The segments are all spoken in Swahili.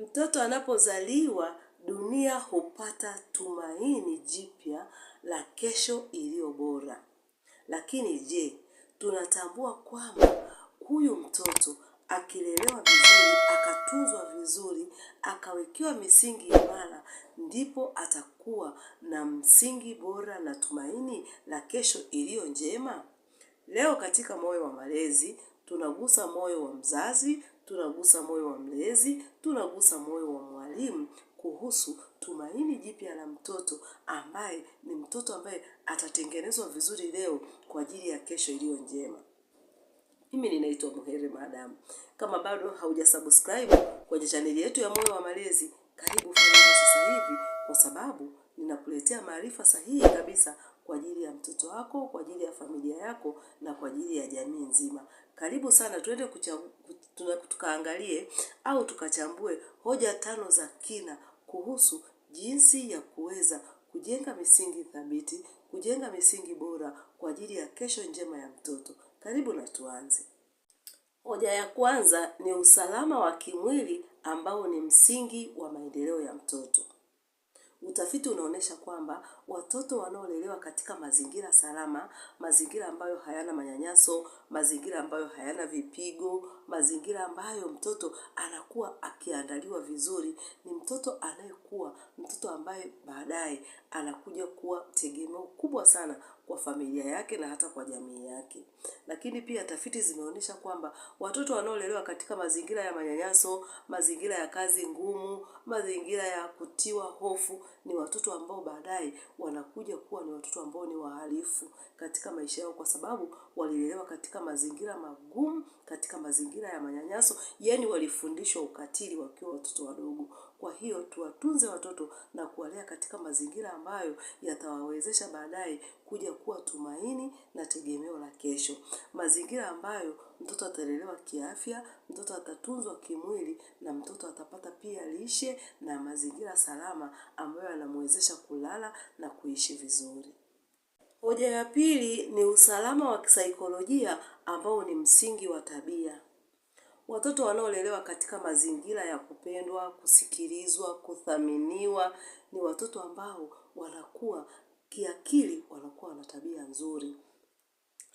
Mtoto anapozaliwa dunia hupata tumaini jipya la kesho iliyo bora. Lakini je, tunatambua kwamba huyu mtoto akilelewa vizuri, akatunzwa vizuri, akawekewa misingi imara, ndipo atakuwa na msingi bora na tumaini la kesho iliyo njema? Leo katika Moyo wa Malezi tunagusa moyo wa mzazi tunagusa moyo wa mlezi, tunagusa moyo wa mwalimu kuhusu tumaini jipya la mtoto ambaye ni mtoto ambaye atatengenezwa vizuri leo kwa ajili ya kesho iliyo njema. Mimi ninaitwa Muhere Madam. Kama bado haujasubscribe kwenye chaneli yetu ya Moyo wa Malezi, karibu fanya sasa hivi, kwa sababu ninakuletea maarifa sahihi kabisa kwa ajili ya mtoto wako, kwa ajili ya familia yako na kwa ajili ya jamii nzima. Karibu sana, tuende tukaangalie au tukachambue hoja tano za kina kuhusu jinsi ya kuweza kujenga misingi thabiti, kujenga misingi bora kwa ajili ya kesho njema ya mtoto. Karibu na tuanze. Hoja ya kwanza ni usalama wa kimwili ambao ni msingi wa maendeleo ya mtoto. Utafiti unaonyesha kwamba watoto wanaolelewa katika mazingira salama, mazingira ambayo hayana manyanyaso, mazingira ambayo hayana vipigo, mazingira ambayo mtoto anakuwa akiandaliwa vizuri, ni mtoto anayekuwa mtoto ambaye baadaye anakuja kuwa tegemeo kubwa sana kwa familia yake na hata kwa jamii yake. Lakini pia tafiti zimeonyesha kwamba watoto wanaolelewa katika mazingira ya manyanyaso, mazingira ya kazi ngumu, mazingira ya kutiwa hofu ni watoto ambao baadaye wanakuja kuwa ni watoto ambao ni wahalifu katika maisha yao, kwa sababu walilelewa katika mazingira magumu, katika mazingira ya manyanyaso, yani walifundishwa ukatili wakiwa watoto wadogo. Kwa hiyo tuwatunze watoto na kuwalea katika mazingira ambayo yatawawezesha baadaye kuja kuwa tumaini na tegemeo la kesho, mazingira ambayo mtoto atalelewa kiafya, mtoto atatunzwa kimwili na mtoto atapata pia lishe na mazingira salama ambayo yanamwezesha kulala na kuishi vizuri. Hoja ya pili ni usalama wa kisaikolojia ambao ni msingi wa tabia. Watoto wanaolelewa katika mazingira ya kupendwa, kusikilizwa, kuthaminiwa ni watoto ambao wanakuwa kiakili, wanakuwa na tabia nzuri.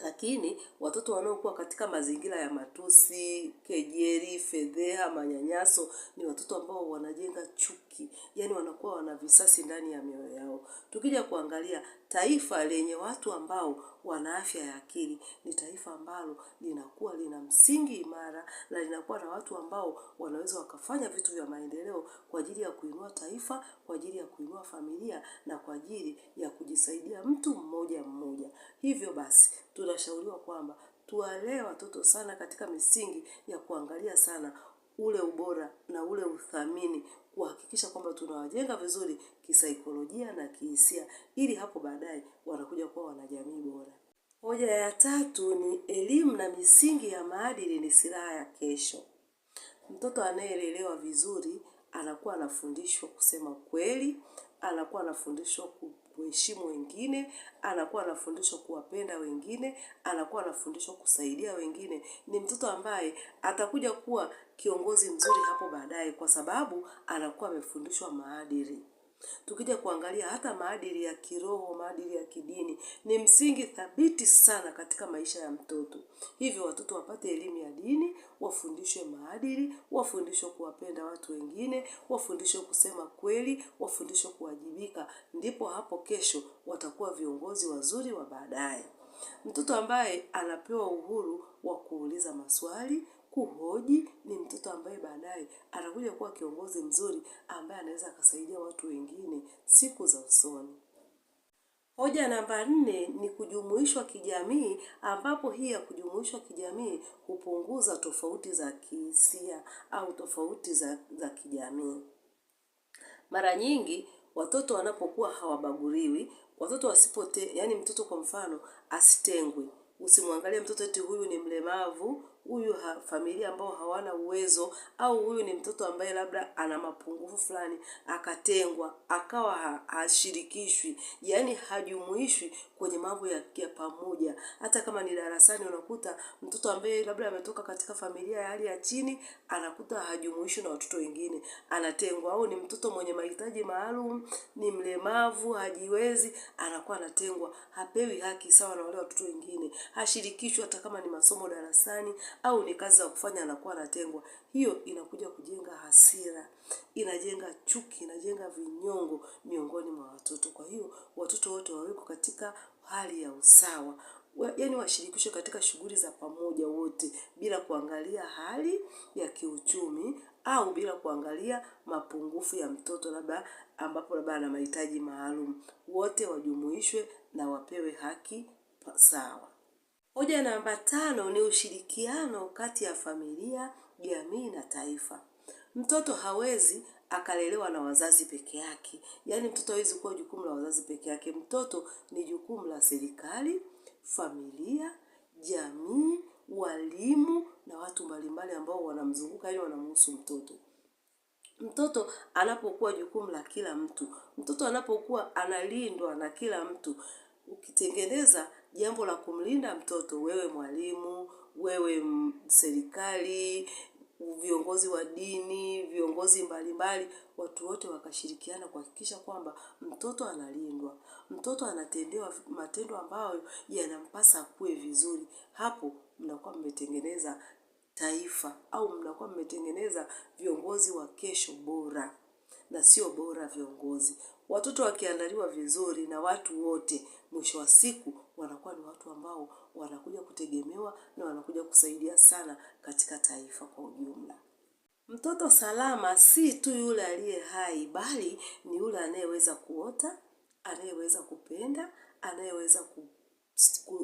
Lakini watoto wanaokuwa katika mazingira ya matusi, kejeli, fedheha, manyanyaso ni watoto ambao wanajenga chuki, yaani wanakuwa wana visasi ndani ya mioyo yao. Tukija kuangalia taifa lenye watu ambao kuwa na afya ya akili. Ni taifa ambalo linakuwa lina msingi imara na linakuwa na watu ambao wanaweza wakafanya vitu vya maendeleo kwa ajili ya kuinua taifa, kwa ajili ya kuinua familia na kwa ajili ya kujisaidia mtu mmoja mmoja. Hivyo basi, tunashauriwa kwamba tuwalee watoto sana katika misingi ya kuangalia sana ule ubora na ule uthamini, kuhakikisha kwamba tunawajenga vizuri kisaikolojia na kihisia, ili hapo baadaye wanakuja kuwa wanajamii bora. Hoja ya tatu ni elimu na misingi ya maadili ni silaha ya kesho. Mtoto anayelelewa vizuri anakuwa anafundishwa kusema kweli, anakuwa anafundishwa kuheshimu wengine, anakuwa anafundishwa kuwapenda wengine, anakuwa anafundishwa kusaidia wengine. Ni mtoto ambaye atakuja kuwa kiongozi mzuri hapo baadaye, kwa sababu anakuwa amefundishwa maadili. Tukija kuangalia hata maadili ya kiroho, maadili ya kidini ni msingi thabiti sana katika maisha ya mtoto. Hivyo watoto wapate elimu ya dini, wafundishwe maadili, wafundishwe kuwapenda watu wengine, wafundishwe kusema kweli, wafundishwe kuwajibika. Ndipo hapo kesho watakuwa viongozi wazuri wa baadaye. Mtoto ambaye anapewa uhuru wa kuuliza maswali, kuhoji ni mtoto ambaye baadaye anakuja kuwa kiongozi mzuri ambaye anaweza akasaidia watu wengine siku za usoni. Hoja namba nne ni kujumuishwa kijamii, ambapo hii ya kujumuishwa kijamii hupunguza tofauti za kihisia au tofauti za, za kijamii. Mara nyingi watoto wanapokuwa hawabaguriwi, watoto wasipote, yani mtoto kwa mfano asitengwe, usimwangalie mtoto eti huyu ni mlemavu huyu ha, familia ambao hawana uwezo au huyu ni mtoto ambaye labda ana mapungufu fulani akatengwa akawa ha, hashirikishwi yani hajumuishwi kwenye mambo ya, ya pamoja hata kama ni darasani unakuta mtoto ambaye labda ametoka katika familia ya hali ya chini anakuta hajumuishwi na watoto wengine anatengwa au ni mtoto mwenye mahitaji maalum ni mlemavu hajiwezi anakuwa anatengwa hapewi haki sawa na wale watoto wengine hashirikishwi hata kama ni masomo darasani au ni kazi za kufanya anakuwa anatengwa. Hiyo inakuja kujenga hasira, inajenga chuki, inajenga vinyongo miongoni mwa watoto. Kwa hiyo watoto wote waweko katika hali ya usawa wa, yani washirikishwe katika shughuli za pamoja wote bila kuangalia hali ya kiuchumi au bila kuangalia mapungufu ya mtoto labda ambapo labda ana mahitaji maalum. Wote wajumuishwe na wapewe haki sawa. Hoja namba tano ni ushirikiano kati ya familia, jamii na taifa. Mtoto hawezi akalelewa na wazazi peke yake, yaani mtoto hawezi kuwa jukumu la wazazi peke yake. Mtoto ni jukumu la serikali, familia, jamii, walimu na watu mbalimbali ambao wanamzunguka ili wanamhusu mtoto. Mtoto anapokuwa jukumu la kila mtu, mtoto anapokuwa analindwa na kila mtu, ukitengeneza jambo la kumlinda mtoto, wewe mwalimu, wewe serikali, viongozi wa dini, viongozi mbalimbali, watu wote wakashirikiana kuhakikisha kwamba mtoto analindwa, mtoto anatendewa matendo ambayo yanampasa akue vizuri. Hapo mnakuwa mmetengeneza taifa au mnakuwa mmetengeneza viongozi wa kesho bora na sio bora viongozi. Watoto wakiandaliwa vizuri na watu wote, mwisho wa siku wanakuwa ni watu ambao wanakuja kutegemewa na wanakuja kusaidia sana katika taifa kwa ujumla. Mtoto salama si tu yule aliye hai, bali ni yule anayeweza kuota, anayeweza kupenda, anayeweza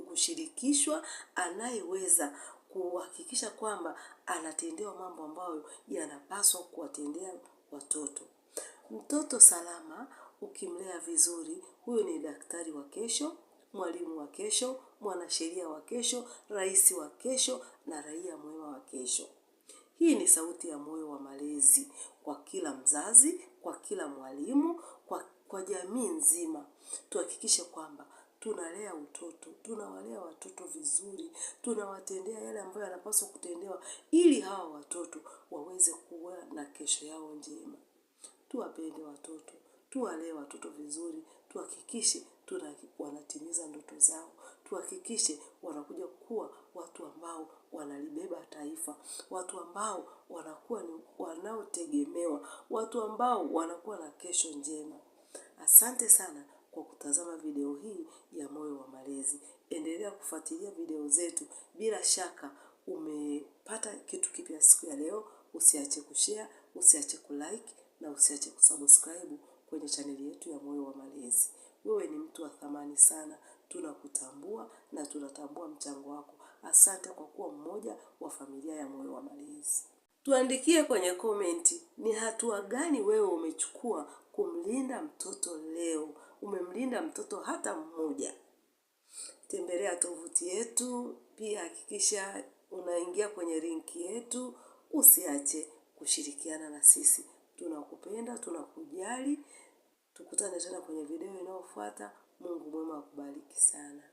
kushirikishwa, anayeweza kuhakikisha kwamba anatendewa mambo ambayo yanapaswa kuwatendea watoto. Mtoto salama ukimlea vizuri, huyu ni daktari wa kesho, mwalimu wa kesho, mwanasheria wa kesho, rais wa kesho na raia mwema wa kesho. Hii ni sauti ya moyo wa malezi kwa kila mzazi, kwa kila mwalimu, kwa, kwa jamii nzima. Tuhakikishe kwamba tunalea utoto, tunawalea watoto vizuri, tunawatendea yale ambayo yanapaswa kutendewa, ili hawa watoto waweze kuwa na kesho yao njema. Tuwapende watoto, tuwalee watoto vizuri, tuhakikishe tuna wanatimiza ndoto zao, tuhakikishe wanakuja kuwa watu ambao wanalibeba taifa, watu ambao wanakuwa ni wanaotegemewa, watu ambao wanakuwa na kesho njema. Asante sana kwa kutazama video hii ya Moyo wa Malezi. Endelea kufuatilia video zetu, bila shaka umepata kitu kipya siku ya leo. Usiache kushare, usiache kulike na usiache kusubscribe kwenye chaneli yetu ya Moyo wa Malezi. Wewe ni mtu wa thamani sana, tunakutambua na tunatambua mchango wako. Asante kwa kuwa mmoja wa familia ya Moyo wa Malezi. Tuandikie kwenye komenti, ni hatua gani wewe umechukua kumlinda mtoto leo? umemlinda mtoto hata mmoja. Tembelea tovuti yetu, pia hakikisha unaingia kwenye linki yetu. Usiache kushirikiana na sisi, tunakupenda, tunakujali. Tukutane tena kwenye video inayofuata. Mungu mwema akubariki sana.